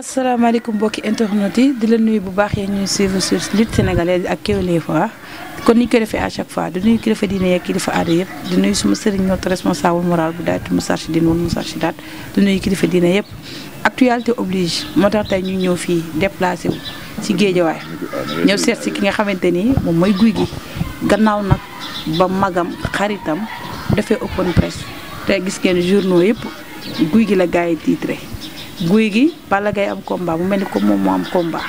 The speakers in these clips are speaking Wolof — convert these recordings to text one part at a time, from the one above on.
asalaamaaleykum mbokki internet yi di la nuyu bu baax yéen ñuy suivre sur lutte sénégalaise ak Kewel Info kon ah. ni ñu koy defee à chaque fois di nuyu kilifa diine yeeg kilifa aada yëpp di nuyu suma sëriñ notre responsable moral bu daaytu Moustarchidine wala Moustarchidaat di nuyu kilifa diine yëpp actualité oblige moo tax tey ñu ñëw fii déplacé wu ci géejawaay ñëw seet si ki nga xamante ni moom mooy guy gi gannaaw nag ba magam xaritam dafee open press te gis ngeen journaux yëpp guy gi la gars yi titré guy gi Balla Gaye am komba mu mel ni comme moom moo am komba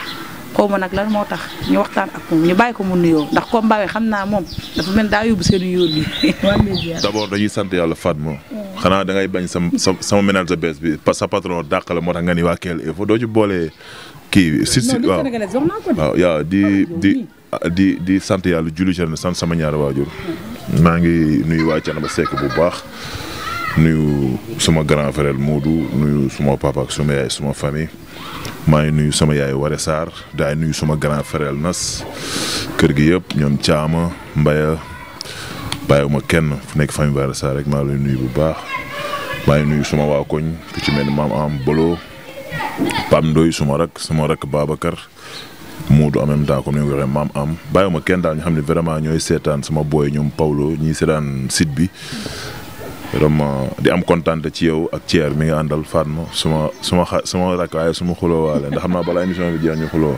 xaw ma nag lan moo tax ñu waxtaan ak moom ñu bàyyi ko mu nuyoo ndax combat bi xam naa moom dafa mel daa yóbbu seen yoon yi. d'abord dañuy sant yàlla Fatma. xanaa da ngay bañ sama sama ménage sa bees bi sa patron dàq la moo tax nga ni waa Kelle Info doo ci boolee kii. si si waaw waaw yaa di di di di sant yàlla julli jërë sant sama ñaar waajur. maa ngi nuyu waa ba Seck bu baax. nuyu suma grand frère Modou nuyu suma papa ak suma yaay suma famille maa ngi nuyu sama yaay Waré Sarr daay nuyu suma grand frère Nas kër gi yëpp ñoom caama mbaya bàyyiwuma kenn fu nekk famille Waré Sarr rek maa ngi bu baax maa ngi nuyu suma waa koñ mel ni maam am bolo Pam Ndoy suma rak suma rakk Babacar Moodu en même temps comme ni nga ko waxee maam am bàyyiwuma kenn daa ñu xam ne vraiment ñooy seetaan suma booy ñoom Paulo ñii seetaan site bi vraiment di am kontaan ci yow ak Thier mi nga àndal Fatma suma suma xa suma rakk suma xuloo waale ndax xam naa balaa émission bi jeex ñu xuloo.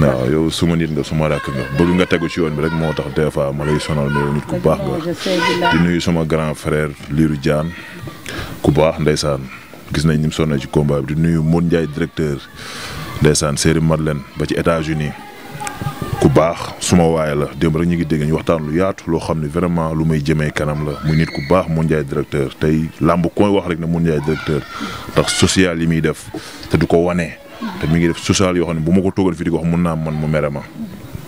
waaw yow suma nit nga suma rakk nga bëgg nga tegu ci yoon bi rek moo tax des fois ma lay sonal mais yow nit ku nuyu suma grand frère Lirou Diane ku baax ndeysaan gis nañ ni mu sonnee ci combat bi di nuyu Mour Ndiaye directeur ndeysaan mat leen ba ci États-Unis ku baax suma waaye la démb rek ñu ngi dégg ñu waxtaan lu yaatu loo xam ne vraiment lu may jëmee kanam la muy nit ku baax Mour Ndiaye directeur tey làmb koy wax rek na Mour Ndiaye directeur tax social yi muy def te du ko wane. te mi ngi def social yoo xam ne bu ma ko toogal fi di ko wax mun naa man mu mere ma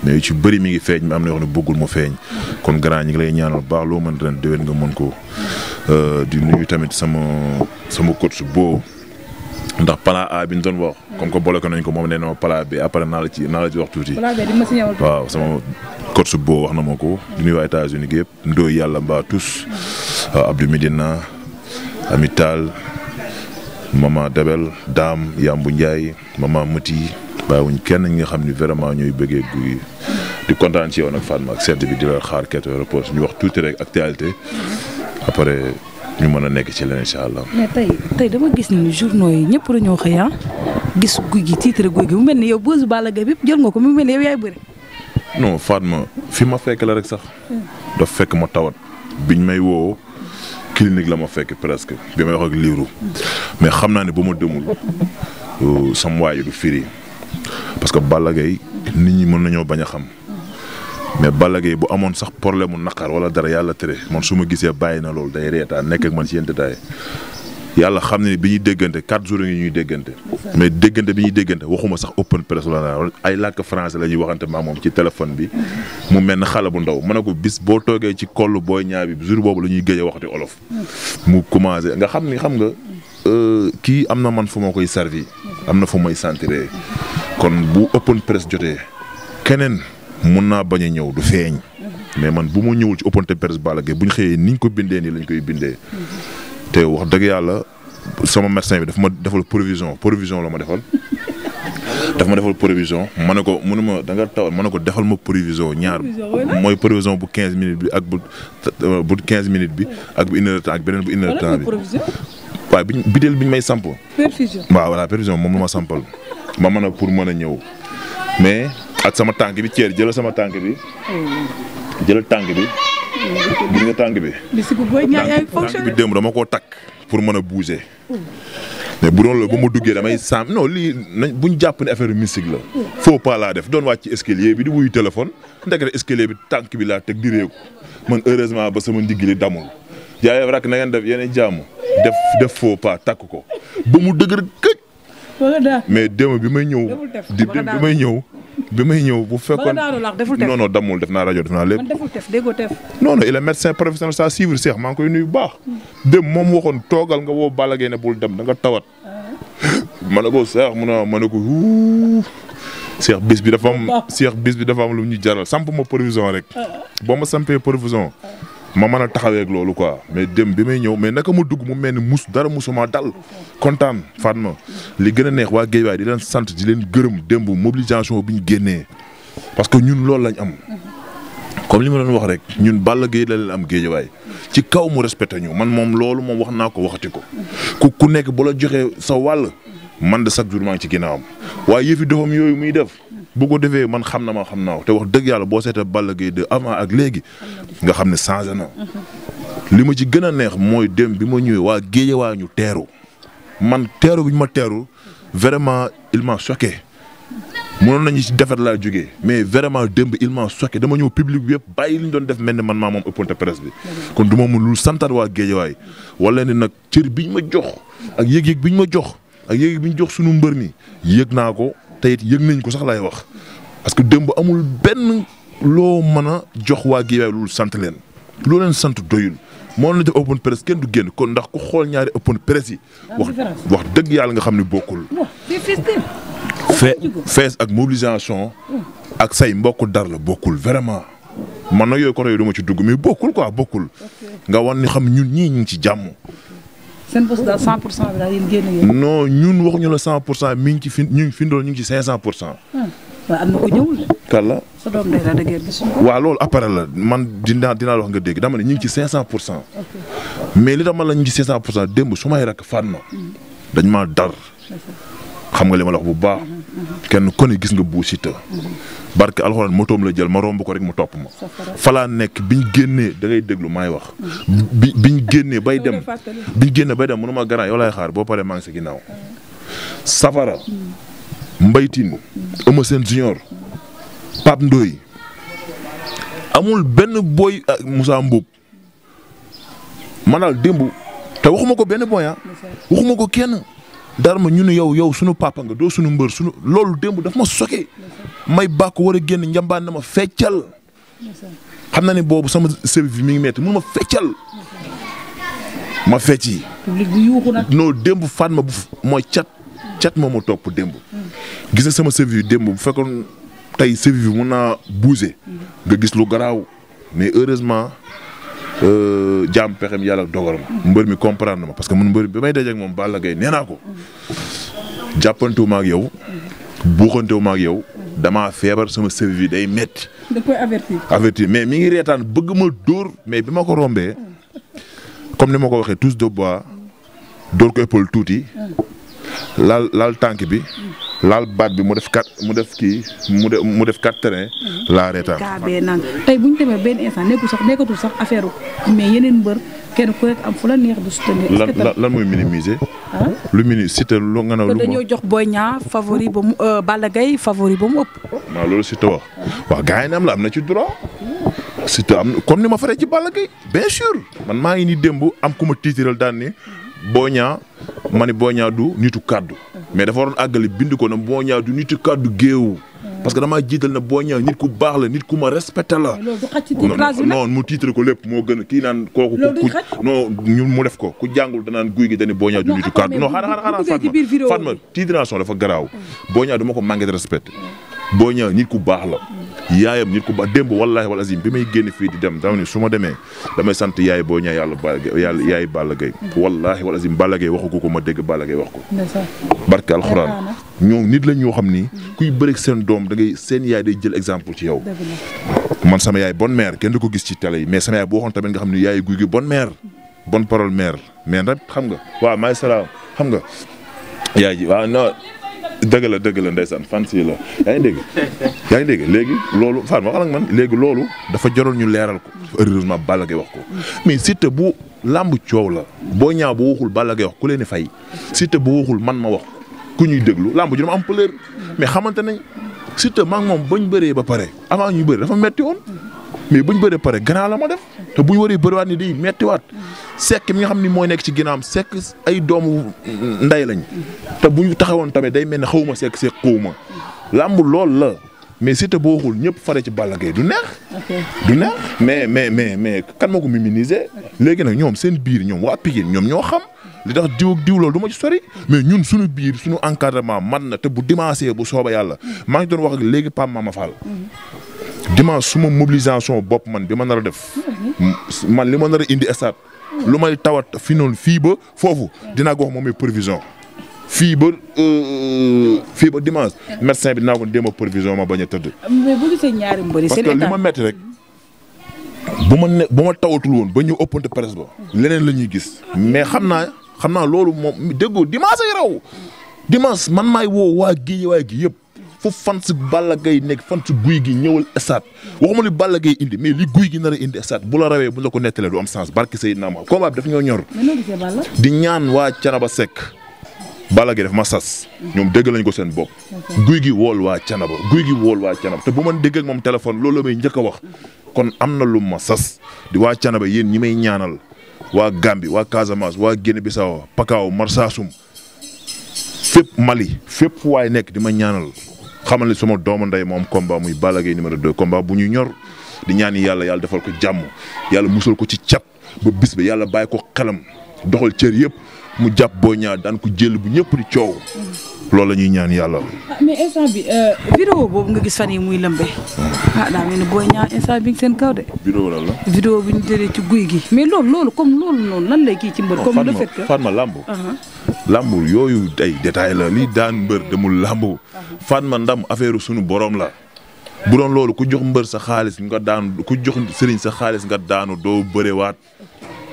mais ci bëri mi ngi feeñ mi am na yoo xam ne bëggul mu feeñ kon grand ñi ngi lay ñaanal baax loo mën ren déwén nga mën ko euh, di nuyu tamit sama sama coach boo ndax palaa A bi ñu doon wax. comme que bloqué nañ ko moom nee na ma plan B après naa la ci naa la ci wax tuuti. waaw sama coach boo wax na ma ko. di nuyu waa états yëpp Ndoye yàlla mbaa tous. waaw Abdou Medina Amital mama Debel Dame Yambu Ndiaye mama Mati wuñ kenn ñi nga xam ni vraiment ñuy bëggee guy di kontaan ci yow nag Fatma ak seet bi di la xaar 4 heures ñu wax tuuti rek actualité après. ñu mën a nekk ci la incha allah. mais tey tey dama gis ni journaux yi ñëpp dañoo xëy ah, gis guy gi titre guy gi mu mel ni yow boosu Balla Gaye bi jël nga ko mu mel ni yow yaay bëri. non Fatma fi ma fekk la rek sax. daf fekk ma tawat biñ may woo clinique la ma fekk presque bi may wax liiru mais xam naa ne bu ma demul euh, sam waay du firi parce que Balla Gaye nit ñi mën nañoo bañ a xam. mais Balla Gaye bu amoon sax problème mu naqar wala dara yàlla tere man su ma gisee bàyyi na loolu day reetaan nekk ak man ci yenn détail yàlla xam ne bi ñuy déggante quatre jours yi ñuy déggante. mais déggante bi ñuy déggante waxuma sax open press la ay làkk la ñuy waxante maa moom ci bi mu mel ne xale bu ndaw ma ne ko bis boo toogee ci koll booy ñaar jour boobu la ñuy gëj a waxati olof. mu commencé nga xam ni xam nga euh, kii am na man fu ma koy servi. am na fu may sentir kon bu open press jotee keneen. mun naa bañ a ñëw du feeñ. mais man bu ma ñëwul ci open presse Balla Gaye bu ñu xëyee ni ñu ko bindee nii lañ koy bindee. te wax dëgg yàlla sama médecin bi daf ma defal provision provision la ma defal. dafa ma defal provision ma ne ko mënu ma da nga taw man ne ko defal ma provision ñaar mooy provision bu quinze minutes bi ak bu bu 15 minutes bi ak bu ak beneen bu une bi temps bi. ñu bi bideel bi ñu may samp. perfusion waaw voilà perfusion moom la ma sampal ma mën a pour mën a ñëw ak sama tànk bi ceer jëlal sama tànk bi. jëlal tànk bi. gis nga tànk bi. tànk bi démb dama koo takk pour mën a bouger. mais bu doon ba ma duggee damay sàmm non lii nañ bu jàpp ne affaire mystique la. faux laa def doon wàcc ci escalier bi di wuyu téléphone ndekete escalier bi tànk bi laa teg di réeku man heureusement ba sama ndigg li damul. jaay rak na ngeen def yeneen jàmm def def faux takk ko ba mu dëgër këj mais démb bi may ñëw. di bi may ñëw. bi may ñëw bu fekkoon non non damul def na rajo def naa lépp. non non il est médecin professionnel saa suivre koy nuyu bu baax. démb moom waxoon toogal nga woo Balla Gaye ne bul dem da nga tawat. Ah. ma ne ko Cheikh mu ne ma ne ko Cheikh bis bi dafa am Cheikh bi dafa am lu ñu jaral samp ma provision rek. Ah. boo ma sampee provision. Ah. ma man a taxawee ak loolu quoi mais dem bi may ñëw mais naka ma dugg mu mel ni mus dara musuma dal kontaan faat ma li gën a neex waa Guédiawaye di leen sant di leen gërëm démb mobilisation bi ñu génnee parce que ñun loolu lañ am. comme li ma doon wax rek ñun bala géej la leen am Guédiawaye ci kaw mu respecté ñu man moom loolu moom wax naa ko waxati ko ku ku nekk bu la joxee sa wàll man de chaque jour maa ngi ci ginnaawam waaye yëfi doxam yooyu muy def. boo ko defee man xam na ma xam naa ko wax dëgg yàlla boo seetee Balla Gaye 2 ak léegi nga xam ne changé na. li ma ci gën a neex mooy dem bi ma ñëwee waa géeje waa ñu teeru man teeru bi ñu ma teeru vraiment il m'a choqué. mënoon nañu defar laa jógee mais vraiment démb il m'a dama ñëw public bi yëpp bàyyi li ñu doon def mel ni man maa moom ëppante presse bi. kon du ma mun lu santaat waa géeje géejawaay wala ni nag cër biñ ma jox. ak yëg-yëg biñ ma jox ak yëg-yëg jox sunu mbër mi yëg naa ko tey it yëg nañ ko sax laay wax parce que démb amul benn loo mën a jox waa Guédiawaye loolu sant leen. loo leen sant doyul moo leen def open press kenn du génn kon ndax ku xool ñaari open press yi. wax dëgg yàlla nga xam ni bokkul. fees ak mobilisation. ak say mbokk dar la bokkul vraiment. man na yooyu côté yooyu du ma ci dugg mais bokkul quoi bokkul. nga wan ni xam ñun ñii ñu ngi ci jàmm. seen bés daal 100 pour cent bi ñun waxuñu la 100 pour cent mi ngi ci fi ñu ngi fi ñu ngi ci 500 cent. Ah, waaw am na waaw loolu après la man dinaa dinaa la wax nga dégg dama ne ñu ngi ci cent pour cent. mais li tax man la ñu ngi ci 500 pour cent démb su may fan fànn. Mm. dañ maa dar. xam nga li ma la wax bu baax. Mm-hmm. kenn ku gis nga Bou Siteu barke alxuraan motoom la jël ma romb ko rek mu topp ma. falaa nekk bi ñu génnee dangay ngay déglu maay wax. biñ bi génnee bay dem bi ñu génnee bay dem mënuma garaan yow laay xaar boo paree maa ngi sa ginnaaw. Safara. Mbaytin. Eumeu Sène Junior. Pape Ndoye. amul benn boy ak ah, Moussa Mboup. man daal waxuma ko benn boy ah. waxuma ko kenn. dara ma ñu ne yow yow sunu papa nga doo sunu mbër sunu loolu démb daf ma soke may bàkk war a génn njambaan na ma feccal xam na ne boobu sama sëb bi mu ngi metti mun ma feccal ma fecc yi non démb faat ma bu mooy cat cat moom ma topp démb gis sama sëb bi démb bu fekkoon tey sëb bi mun naa bouger nga gis lu garaaw mais heureusement Euh, jaam pexem yàlla dogal ma mbër mi comprendre ma parce que mun mbër bi may dajeeg moom Balla Gaye nee naa ko jàppantewuma ak yow buuxantewuma ak yow dama feebar sama service day metti da avertir mais mi ngi reetaan bëgg ma dóor mais bi ma ko rombee comme ni ma ko waxee tous de bois dóor ko épaule tuuti laal laal tànk bi laal baat bi mu def kat mu def kii mu def mu def quatre terrain laa reetaan. tey bu ñu demee benn instant nekkul sax nekkatul sax affaire mais yeneen mbër kenn ku rek am fu la neex du soutenir. lu mini Siteu lu nga ne. lu dañoo jox Boy Niang favori ba mu euh, Balla Gaye favori ba mu loolu Siteu wax waaw gars am la am na ci droit. Siteu am comme ni ma faree ci Balla Gaye bien sûr man maa ngi ni démb am ku ma tiitiral daan ni Boy ma ni Boy Niang du nitu kàddu. mais dafa waroon àggali bind ko ne boo ñaaw du nitu kàddu géew. parce que damaa jiital na boo ñaaw nit ku baax la nit ku ma respecté la. non mu tiitre ko lépp moo gën kii naan kooku. ku non ñun mu def ko ku jàngul naan guy gi dañu boo ñaaw du nitu kàddu. non xaaral xaaral Fatma Fatma titration dafa garaaw. boo ñaaw du ma ko manqué de respect boo ñëw nit ku baax la yaayam nit ku baax démb wallaahi wal azim bi may génn fii di dem dama su ma demee damay sant yaay boo ñëw yàlla Balla Gaye yàlla yaay Balla Gaye wallaahi wal azim Balla Gaye waxu ko ko ma dégg Balla Gaye wax ko barke alxuraan ñoom nit la ñoo xam ni kuy bëreeg seen doom da ngay seen yaay day jël exemple ci yow man sama yaay bonne mère kenn du ko gis ci télé yi mais sama yaay boo waxoon tamit nga xam ne yaay guy gi bonne mère bonne parole mère mais nag xam nga waaw maay salaam xam nga yaay waaw dëgg la dëgg la ndeysaan fan si la yaa ngi dégg yaa léegi loolu fan waxal ak man léegi loolu dafa jaroon ñu leeral ko heureusement Balla Gaye wax ko mais Siteu bu làmb coow la boo ñaaw bu waxul Balla Gaye wax ku leen di fay Siteu bu waxul man ma wax ku ñuy déglu làmb ji dama am pleur mais xamante nañ Siteu maa moom bañ bëree ba pare avant ñuy bëri dafa metti woon mais bu ñu bëree pare gannaaw la ma def te bu ñu waree bëriwaat ni day mettiwaat sekk mi nga xam ni mooy nekk ci ginnaawam sekk ay doomu nday lañ te buñ taxawoon tamit day mel ne xaw ma sekk sekk xaw ma làmb lool la mais Siteu boo waxul ñëpp fare ci Balla Gaye du neex. du neex mais mais mais mais kan moo ko minimiser. léegi nag ñoom seen biir ñoom waa Pikine ñoom ñoo xam. li tax diw ak diw loolu du ma ci sori mais ñun suñu biir suñu encadrement man na te bu dimanche bu sooba yàlla maa ngi doon wax léegi Pape Mama Fall. dimanche suma mobilisation bopp man bi ma nar a def. man li ma nar a indi stade. lu may tawat fi noonu fii ba foofu dina ko moom mooy prévision. fii ba euh, fii ba dimanche. médecin bi dinaa ko démb prévision ma bañ a tëdd. parce ma metti rek. bu ma ne bu ma tawatul woon ba ñu ëppante presse ba. leneen la ñuy gis. mais xam naa xam naa loolu moom déggoo dimanche ay raw. dimanche man maay woo waa géej waay gi yëpp. fu fan si Balla gay nekk fan si guy gi ñëwal stade waxuma li Balla Gaye indi mais li guy gi nar a indi stade bu la rawee bu la ko nettalee du am sens barki Seydina Muhammad combat bi daf ñoo ñor. di ñaan waa Canaba Seck. Balla Gaye daf ma sas. ñoom dégg lañ ko seen bopp. guy gi wool waa Canaba guy gi wool waa Canaba te bu man dégg moom téléphone loolu la may njëkk wax. kon am na lum ma sas di waa Canaba yéen ñi may ñaanal waa Gambie waa Casamance waa Guinée Bissau Pakao Marsassoum fépp Mali fépp waay nekk di ma ñaanal. xamal ne suma doomu ndey moom combat muy Balla Gaye numéro 2 combat bu ñu ñor di ñaan yàlla yàlla defal ko jàmm yàlla musal ko ci cat ba bis ba yàlla bàyyi ko xelam doxal cër yëpp mu jàpp boo ñaar daan ko jël bu ñëpp di coow. loolu la ñuy ñaan yàlla. Ah, mais instant euh, boobu nga gis fan yi muy lëmbe hmm. ah daa mel ni booy ñaar instant bi seen kaw de. la. vidéo ci guy gi. mais loolu loolu comme loolu noonu lan lay kii ci mbër. comme le fait làmb yooyu ay détail la lii daan mbër demul làmb faat ma ndam affaire suñu borom la bu doon loolu ku jox mbër sa xaalis nga daanu ku jox sëriñ sa xaalis nga daanu doo bërewaat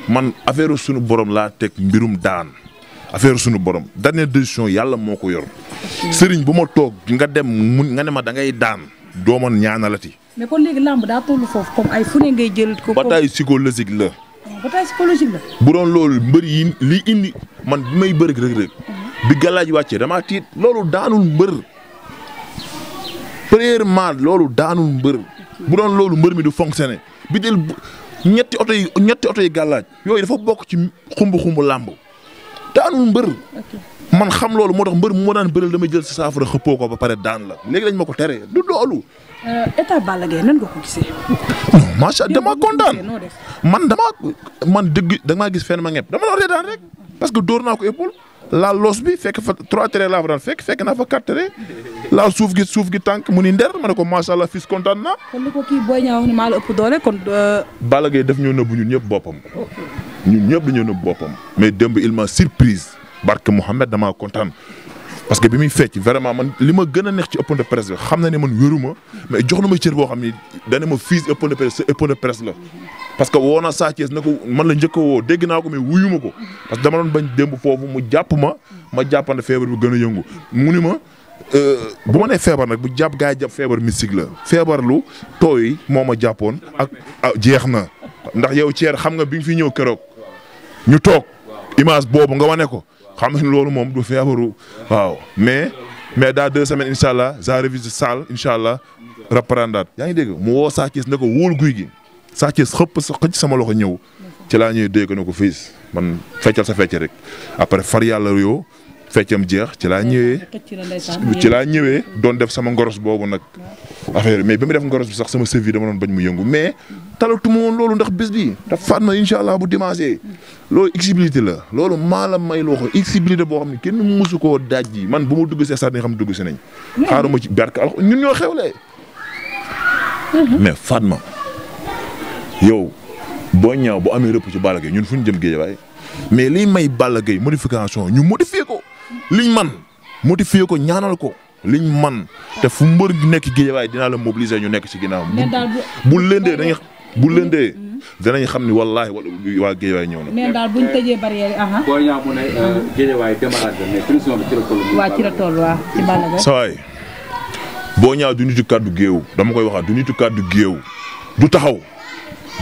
man affaire sunu borom laa teg mbirum daan affaire sunu borom dernière décision yàlla moo ko yor sëriñ bu ma toog nga dem mun nga ne ma da ngay daan doo man ñaanalati. mais kon ay fu ne ngay la. bataille psychologique la. bu doon loolu mbër yi li indi man bi may bëri rek rek bi galaaj wàccee damaa tiit loolu daanul mbër premièrement loolu daanul mbër bu roon loolu mbër mi du fonctionné bi del ñetti oto ñetti oto yi gàllaaj yooyu dafa bokk ci xumbu xumbu làmb daanul mbër. man xam loolu moo tax mbër mu ma daan bëreel damay jël si saafara xëppoo ko ba pare daan la léegi dañ ma ko teree du loolu. Euh, état Balla Gaye nan nga ko gisee. non macha allah damaa kontaan man damaa damaa gis fenn ma dama la parce que dóor naa ko épaule laal loos bi fekk fa trois tere laa fa daan fekk fekk naa fa quatre suuf gi suuf gi tànk mu ni nder ma ko macha allah fils kontaan naa. kon li ko kon. Euh, Balla Gaye daf ñoo nëbbu ñun ñëpp boppam. ñun ñëpp dañoo nëbbu boppam. mais démb il m'a surprise. barke Mouhamed damaa kontaan. parce que bi muy fecc vraiment man li ma gën a neex ci open de presse xam na ne ma man wéru ma mais jox na ma cër boo xam ni dana ma fii open de presse sa la. parce que woo na Sa na ko man la njëkk a woo dégg naa ko mais wuyu ma ko parce que dama doon bañ démb foofu mu jàpp ma ma jàppante feebar bi gën a yëngu mu ni ma. Euh, bu ma nee feebar nag bu jàpp gaa yi feebar mystique la feebar lu tooy moo ma jàppoon ak ah, jeex na ndax yow Thierre xam nga bi nga fi ñëw keroog ñu toog image boobu nga wane ko. xam nga loolu moom du feebaru waaw mais mais dans deux semaines incha allah ça révise salle incha allah reprendre yaa ngi dégg mu woo Sa Thiès ne ko wóol guy gi Sa Thiès xëpp sa sama loxo ñëw ci laa ñuy dégg ne ko fii man feccal sa fecc rek après far yàlla yoo feccam jeex ci laa ñëwee. ci laa ñëwee doon def sama ngoros boobu nag. affaire mais bi mu def ngoros bi sax sama sëf yi dama doon bañ mu yëngu mais. talatuma woon loolu ndax bés bi dafa faat ma incha allah bu dimanche. loolu exibilité la loolu maa la may loo xam boo xam ne kenn mësu koo daaj ji man bu ma dugg see sax dañu xam dugg si nañ. xaaruma ci barke alx ñun ñoo xewlee. mais Fatma yow boo ñaaw bu amee rëpp ci Balla Gaye ñun fu ñu jëm Guédiawaye mais liy may Balla liñ man motiver ko ñaanal ko liñ man te fu mbër nekk géejawaay dinaa la mobiliser ñu nekk ci ginnaaw bu lëndee dañuy bu lëndee danañ xam ni wallaahi wala waa géejawaay ñëw na. mais boo ñaax mu ne euh, géejawaay démarrage la mais finition bi ci la toll. boo ñaax du nitu kàddu géew dama koy waxaat du nitu kàddu géew du taxaw.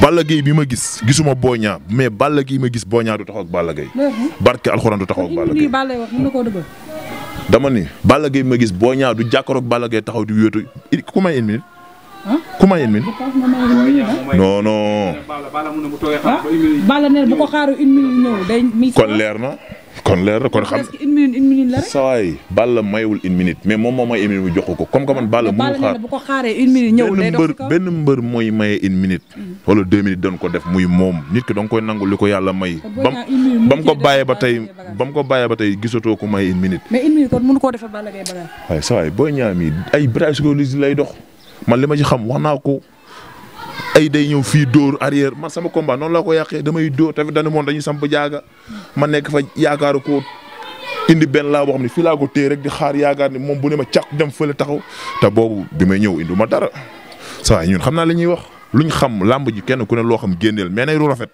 Balla Gaye bi ma gis gisuma Boy Niang mais Balla Gaye ma gis Boy Niang du taxaw ak Balla Gaye barke alxuraan du taxaw ak Balla Gaye dama ni Balla Gaye ma gis Boy Niang du jàkkaarloog Balla Gaye taxaw di wéetu ku may une minute ku may une minute non Balla ne bu ko xaaru une minute kon leer na. kon leer na kon xam presque une minute une la rek. sawaay Balla mayewul une minute mais moom moo may une minute mu jox ko comme que man ah, Balla mënu xaar bu ko xaaree une minute benn mbër mooy maye une minute. Mm. wala deux minutes dan ko def muy moom nit ki da nga koy nangu ko yàlla may. bam bam ko bàyyee ba tey bam ko bàyyee ba tey gisatoo ko may une minute. mais une minute kon mënu koo defee Balla Gaye Balla. waaye sawaay booy ñaam lay dox man li ma ci xam wax naa ko. ay day ñëw fii door arrière ma sama combat noon la ko yàqee damay dóor tamit dañu moon dañuy samp jaaga ma nekk fa yaakaaru ko indi benn laa boo xam ne fii laa ko téye rek di xaar yaakaar ni moom bu ne ma càq dem fële taxaw te boobu bi ñëw indi ma dara saa ñun xam naa li ñuy wax luñ xam làmb ji kenn ku ne loo xam génneel mais nay ru rafet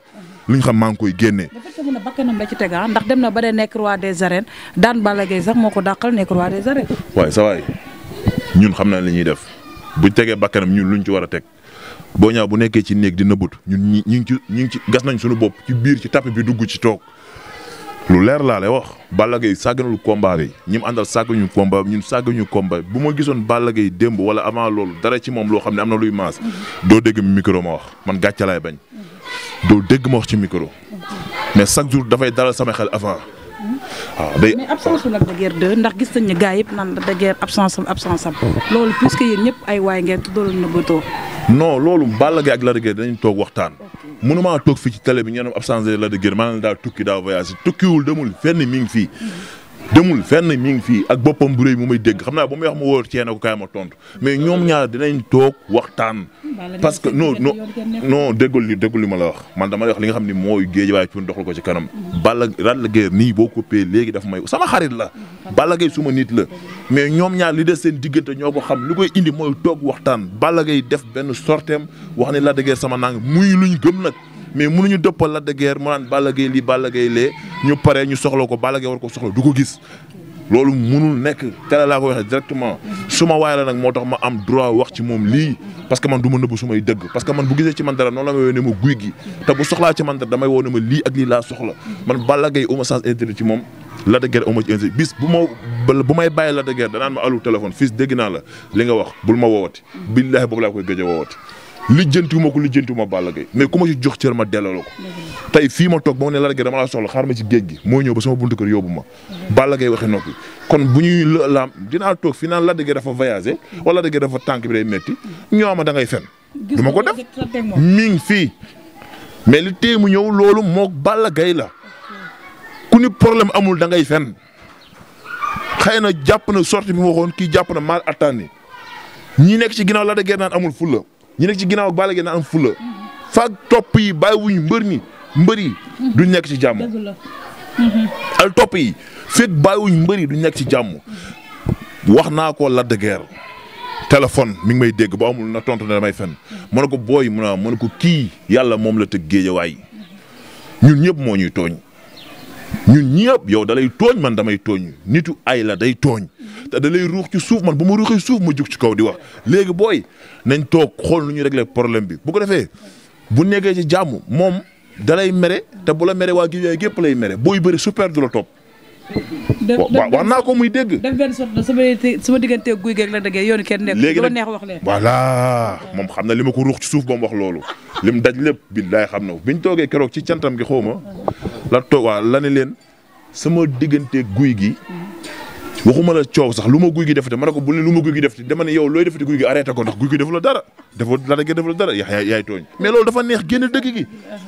luñ xam maa ngi koy génnee. dafa fekk ne bakkanam la dem na ba nekk roi des arènes daan Balla Gaye sax moo ko dàqal nekk roi des arènes. waaye sa ñun xam naa li ñuy def buñ tegee bakkanam ñun luñ ci war a teg boo ñaaw bu nekkee ci néeg di nëbbut ñun ñi ñu ngi ci ñu ngi ci gas nañ suñu bopp ci biir ci tapis bi dugg ci toog lu leer laa lay wax Balla Gaye sàgganul combat bi ñu mu àndal sàgguñu combat ñun sàgguñu combat bu ma gisoon Balla Gaye démb wala avant loolu dara ci moom loo xam ne am na luy maas mhm. doo dégg mi ma wax man gàcce laay bañ mhm. doo dégg ma wax ci micro mhm. mais chaque jour dafay dalal sama xel avant waaw ah, day. mais absence su Lac de ndax gis nañ ne gaa yëpp naan Lac de Guiers absence am absence am oh. loolu puisque yéen ñëpp ay waay ngeen tuddaloon na bëtoo non loolu Balla Gaye ak Lac de Guiers dañu toog waxtaan. mënumaa toog fii ci télé bi ñenn absence Lac de Guiers maa ngi daa tukki daa voyage tukkiwul demul fenn mi ngi fii. demul fenn mi ngi fii ak boppam bu rëy mu may dégg xam naa ba mu wax ma wóor cee na ko kaay ma tontu mais ñoom ñaar dinañ toog waxtaan. parce que non non non déggul li li ma la wax man dama lay wax li nga xam ni mooy géej waaye pour doxal ko ci kanam. Balla Balla Gaye nii boo coupé léegi dafa may sama xarit la. Balla Gaye suma nit la mais ñoom ñaar li des seen diggante ñoo ko xam li koy indi mooy toog waxtaan Balla Gaye def benn sorteem wax ne Lac de sama nang muy luñ gëm nag. mais mënuñu dëppal Lac de Guiers mu naan Balla Gaye lii Balla lee ñu pare ñu soxla ko Balla war ko soxla du ko gis loolu mënul nekk teel laa ko waxee directement suma ma la nag moo tax ma am droit wax ci moom lii parce que man du ma nëbb su may dëgg parce que man bu gisee ci man dara noonu la may woo ne ma guy gi te bu soxlaa ci man dara damay woo ak lii laa soxla man Balla uma sens intérêt ci moom Lac de Guiers uma ci intérêt bis bu bu may bàyyi Lac de Guiers danaan ma allu téléphone fils dégg naa la li nga wax bul ma woowati billaahi boobu laa koy gëj a woowati lijjantiwuma ko lijjantiwuma Balla Gaye mais ku ma ci jox cër ma delloo ko. tey fii ma toog ba mu la Lac de Guiers dama la soxla xaar ma ci géej gi moo ñëw ba sama buntu kër yóbbu ma. Balla Gaye waxee noppi kon bu ñuy la laam dinaa toog fii naan la de Guiers dafa voyagé wala Lac de tànk bi day métti ñoo ma da ngay fen du ma ko def mi ngi fii mais li tee mu ñëw loolu moo Balla gay la ku ni problème amul da ngay fen xëy na jàpp na sortie bi ma waxoon jàpp na ma atteindre ñi nekk ci ginnaaw Lac de Guiers amul fulla ñu nekk ci ginnaaw ak Balla Gaye na am fula. faak topp yi bàyyiwuñu mbër mi mbër yi. nekk ci jàmm. al topp yi fekk bàyyiwuñu mbër yi duñ nekk ci jàmm. wax naa ko la de Guiers téléphone ngi may dégg ba amul na tontu ne damay fen ma ne ko booy mu ne ma ko kii yàlla moom la tëgg géejawaay ñun ñëpp moo ñuy tooñ. ñu ñëpp yow dalay tooñ man damay tooñ nitu ay la day tooñ. te da lay ruux ci suuf man bu ma ruuxee suuf ma jug ci kaw di wax léegi booy nañ toog xool nu ñuy régler problème bi bu ko defee bu nekkee ci jàmm moom da lay mere te bu la mere waa gi yooyu gépp lay mere booy bëri super du la topp. wax naa ko muy dégg. daf benn sorte sama sama diggante guy geeg la dëggee yoonu kenn nekk. léegi neex wax leen. voilà moom xam na li ma ko ruux ci suuf ba mu wax loolu. lim daj lépp billaay xam na biñ toogee keroog ci cantam gi xaw ma la toog la ne leen sama diggante guy gi. Hmm. waxuma la coow sax lu ma guy gi defati ma ko bu ne lu ma guy gi defati dama ne yow looy defati guy gi arrêté ko ndax guy gi defu la dara dafa dara ge defu la dara yaa tooñ mais loolu dafa neex génn dëgg gi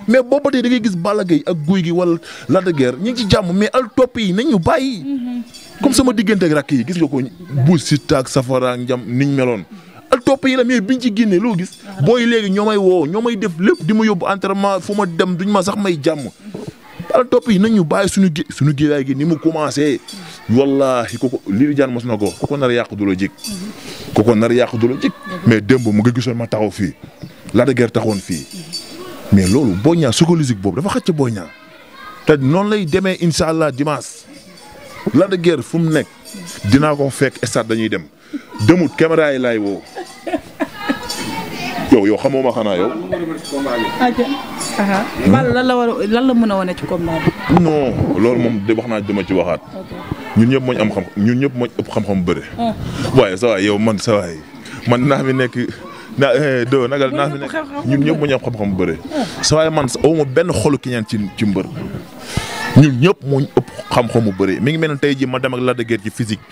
mais booba tey da gis Balla Gaye ak guy gi wala Lac de Guiers ñu ngi ci jàmm mais al topp yi nañ ñu bàyyi comme sama diggante ak rakk yi gis nga ko buus si taag safara ak njam niñ meloon al topp yi la mais biñ ci génnee loo gis booy léegi ñoo may woo ñoo may def lépp di ma yóbbu entraînement fu ma dem duñ ma sax may jàmm yàlla topp yi nañu bàyyi suñu suñu géejaay gi ni mu commencé wallaahi koko lii di jaan mos na ko koko nar yàq du la jik koko nar yàq du la jik mais démb mu nga gisoon ma taxaw fii la de taxoon fii mais loolu Boy Niang psychologique boobu dafa xëcc Boy naa te noonu lay demee incha allah dimanche la de fu mu nekk dinaa ko fekk stade dañuy dem demut caméra lay laay woo yow yow xamoo ma xanaa yow. Uh-huh. Balla lan la lan la mën a wane ci combat bi. non loolu moom de wax naa dama ci waxaat. ñun ñëpp mooñ am xam ñun ñëpp mooñ ëpp xam-xam bëre. Uh. waaye sa yow man sa man naa fi nekk na eh, doo nagal naa fi nekk ñun ñëpp mooñ am xam-xam bëre. Uh. sa waay man sa awma benn xolu ki ñaan ci ci mbër. ñun ñëpp mooñ ëpp xam-xamu bëre mi ngi mel ne tey ji ma dem ak Lac de Guiers ci physique.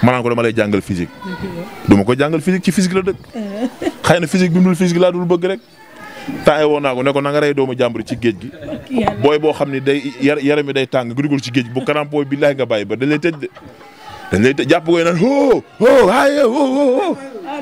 maanaam ko dama lay jàngal physique. du ma ko jàngal physique ci physique la dëkk. Uh. xëy na physique bi dul physique laa dul bëgg rek. taay woo naa ko ne ko na nga rey doomu jàmbur ci géej gi booy boo xam ne day yaram mi day tàng nga dugal ci géej bu crampon bi billahi nga bàyyi ba dañ lay tëj de dañ lay tëj na koy naan o o aaye o